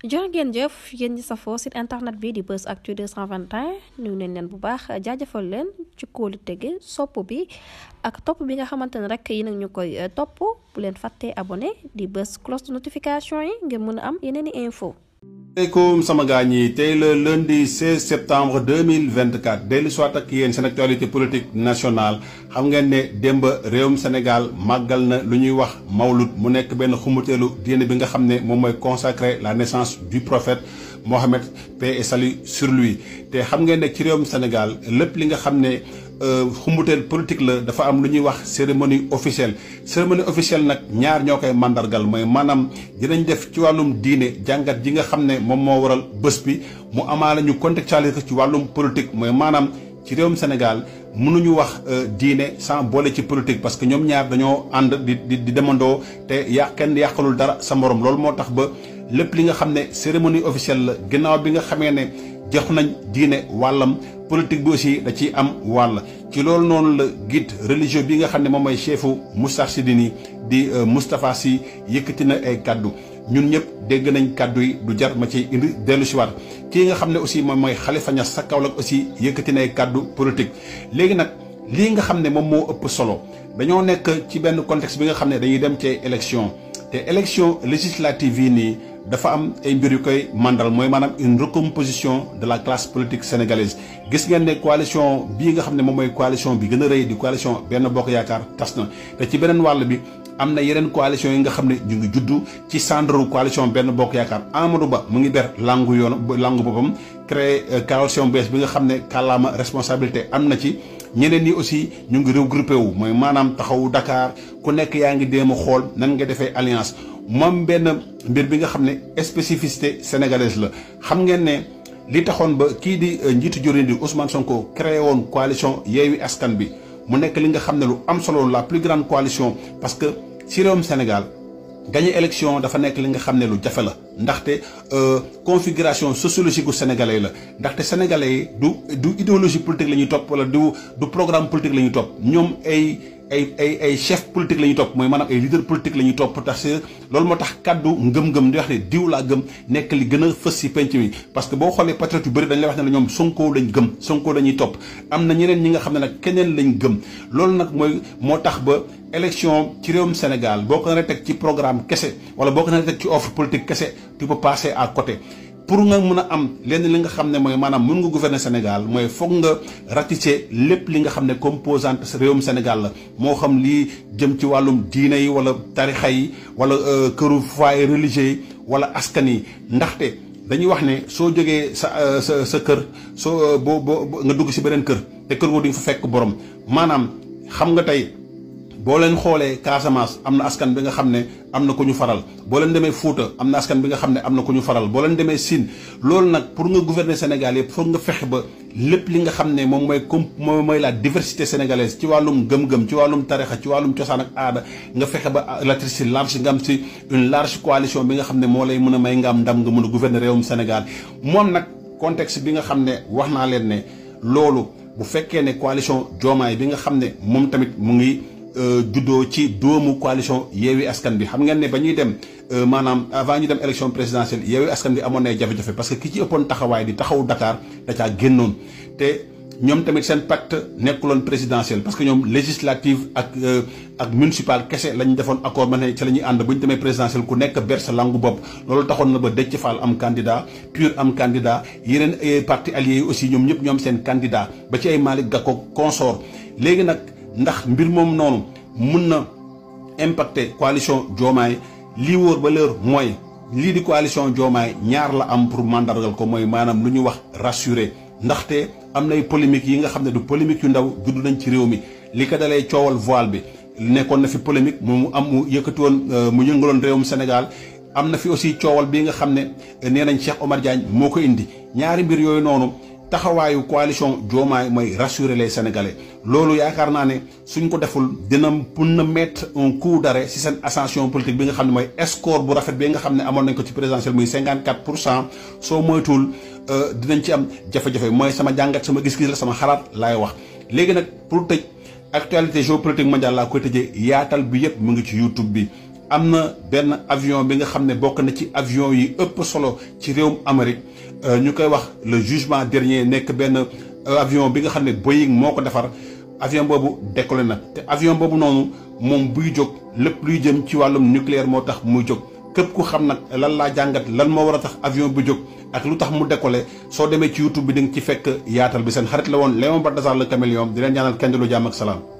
jërë ngeen jëf yéen ñi safoo site internet bi di Buzz Actu 221 nuyu nañ leen bu baax jaajëfal leen ci kóolu tege sopp bi ak topp bi nga xamante ne rek yi nag ñu koy eh, topp bu leen fàttee abone di bës cloche de notification yi ngeen mën a am yeneen i info maaleykum sama gaa ñi tey le lundi 16 septembre 2024 dellu soit ak yéen seen actualité politique nationale xam ngeen ne démb réewum Sénégal màggal na lu ñuy wax mawlud mu nekk benn xumuteelu diine bi nga xam ne moom mooy consacrer la naissance du prophète Mohammed paix et salut sur lui te xam ngeen ne ci réewum Sénégal lépp li nga xam ne. Euh, xumbuteel politique la dafa am lu ñuy wax cérémonie officielle cérémonie officielle nag ñaar ñoo koy màndargal mooy maanaam dinañ def ci wàllum diine jàngat ji nga xam ne moom moo waral bés bi mu amaa la ñu contextualiser ko ci wàllum politique mooy maanaam ci réewum Sénégal nu ñu wax euh, diine sans boole ci politique parce que ñoom ñaar dañoo ànd di di di demandoo te yàq kenn yàqalul dara sa moroom loolu moo tax ba lépp li nga xam ne cérémonie officielle la ginnaaw bi nga xamee ne jox nañ diine wàllam politique aussi da ciy am wàll ci loolu noonu la guide religieux bi nga xam ne moom mooy chefu Moustarchidine di euh, Moustapha si yëkkati na ay kàddu ñun ñëpp dégg nañ kàddu yi du jar ma ci indi dellu si waat kii nga xam ne aussi moom mooy xalifa Niass sa Kaolack aussi yëkkati na ay kàddu politique léegi nag lii nga xam ne moom moo ëpp solo dañoo nekk ci benn contexte bi nga xam ne dañuy dem ci élection te élection législative yi nii dafa am ay mbir yu koy mandal mooy maanaam une recomposition de la classe politique sénégalaise gis ngeen ne coalition bi nga xam ne moom mooy coalition bi gën a rëy di coalition benn bokk yaakaar tas na te ci beneen wàll bi am na yeneen coalition yi nga xam ne ñu ngi juddu ci centre coalition benn bokk yaakaar Amadou Ba mu ngi ber langu yoon langu boppam créé euh, coalition bees bi nga xam ne kàllaama responsabilité am na ci ñeneen ñi aussi ñu ngi regroupé wu mooy maanaam taxawu Dakar ku nekk yaa ngi déem a xool nan nga defee alliance moom benn mbir bi nga xam ne espécificité sénégalaise la xam ngeen ne li taxoon ba kii di euh, njiitu joriñ di Ousmane Sonko créé woon coalition Yewwi Askan bi mu nekk li nga xam ne lu am solo la plus grande coalition parce que ci réewum Sénégal gagné élection dafa nekk li nga xam ne lu jafe la ndaxte euh, configuration sociologique gu sénégalais la ndaxte sénégalais du du idéologie politique la ñuy topp wala du du programme politique la topp ñoom ay. ay ay ay chef politique la topp mooy maanaam ay leader politique la ñuy topp tax si loolu moo tax kaddu ngëm-ngëm di wax ne diw laa gëm nekk li gën a fës si penc mi parce que boo xoolee patriote yu bëri dañ lay wax ne la ñoom Sonko lañ gëm Sonko lañuy topp am na ñeneen ñi nga xam ne nag keneen lañ gëm loolu nag mooy moo tax ba élection ci réewum Sénégal boo ko nar a teg ci programme kese wala boo ko nar a ci offre politique kese tu peux passer à côté pour nga mun a am lenn li nga xam ne mooy maanaam mën nga gouverner Sénégal mooy foog nga ratifier lépp li nga xam ne composante réewum Sénégal la moo xam lii jëm ci wàllum diina yi wala tarixa yi wala euh, këru foyer religieux yi wala askan yi ndaxte dañuy wax ne soo jógee sa euh, sa sa kër soo euh, boo boo nga dugg si beneen kër te kër boo di fa fekk borom maanaam xam nga tey. boo leen xoolee Casamance am na askan bi nga xam ne am na ko ñu faral boo leen demee Fuuta am na askan bi nga xam ne am na ko ñu faral boo leen demee Sine loolu nag pour nga gouverner Sénégal yëpp foog nga fexe ba lépp li nga xam ne moom mooy comme moom mooy la diversité sénégalaise ci wàllum gëm-gëm ci wàllum tarixa ci wàllum cosaan ak aada nga fexe ba électricité large nga am si une large coalition bi nga xam ne moo lay mën a may nga am ndam nga mën a gouverner réewum Sénégal moom nag contexte bi nga xam ne wax naa leen ne loolu bu fekkee ne coalition Diomaye bi nga xam ne moom tamit mu ngi Euh, juddoo ci dóomu coalition yeewi askan bi xam ngeen ne ba ñuy dem euh, maanaam avant ñu dem élection présidentielle yeewi askan bi amoon na jafe-jafe parce que ki ci ëppoon taxawaay di taxawu Dakar da génnoon te ñoom tamit seen pacte nekkuloon présidentielle parce que ñoom législative ak euh, ak municipal kese la ñu defoon accord ma ne ci la ñuy ànd bu ñu demee présidentielle ku nekk ber sa langu bopp loolu taxoon na ba Déthié Fall am candidat pur am candidat yeneen parti alliés yi aussi ñoom ñëpp ñoom seen candidat ba ci ay Malick Gakou ndax mbir moom noonu mun na impacter coalition Diomaye lii wóor ba leer mooy lii di coalition Diomaye ñaar la am pour mandargal ko mooy maanaam lu ñu wax rassuré ndaxte am nay polémique yi nga xam ne du polémique yu ndaw judd nañ ci réew mi li ko dalee coowal voile bi nekkoon na fi polémique mu am mu yëkkati woon euh, mu yëngaloon réewum Sénégal am na fi aussi coowal bii nga xam ne nee nañ Cheikh Omar Diagne moo ko indi ñaari mbir yooyu noonu taxawaayu coalition Diomaye mooy rassurer les sénégalais loolu yaakaar naa ne suñ ko deful dina pour na mettre un coup d'arrêt si seen ascension politique bi nga xam ne mooy score bu rafet bi nga xam ne amoon nañ ko ci présidentielle muy 54 pour cent soo moytuwul euh, dinañ ci am jafe-jafe mooy sama jàngat sama gis-gis la sama xalaat laay wax. léegi nag pour tëj actualité géopolitique mondiale laa koy tëjee yaatal bi yëpp mu ngi ci YouTube bi. am na benn avion bi nga xam ne bokk na ci avion yi ëpp solo ci réewum Amérique euh, ñu koy wax le jugement dernier nekk benn euh, avion bi nga xam ne Boeing moo ko defar avion boobu décollé na te avion boobu noonu moom buy jóg lépp luy jëm ci wàllum nucléaire moo tax muy jóg képp ku xam nag lan laa jàngat lan moo war a tax avion bu jóg ak lu tax mu décollé soo demee ci YouTube bi di ci fekk yaatal bi seen xarit la woon Léon Baltasar le caméléon di leen ñaanal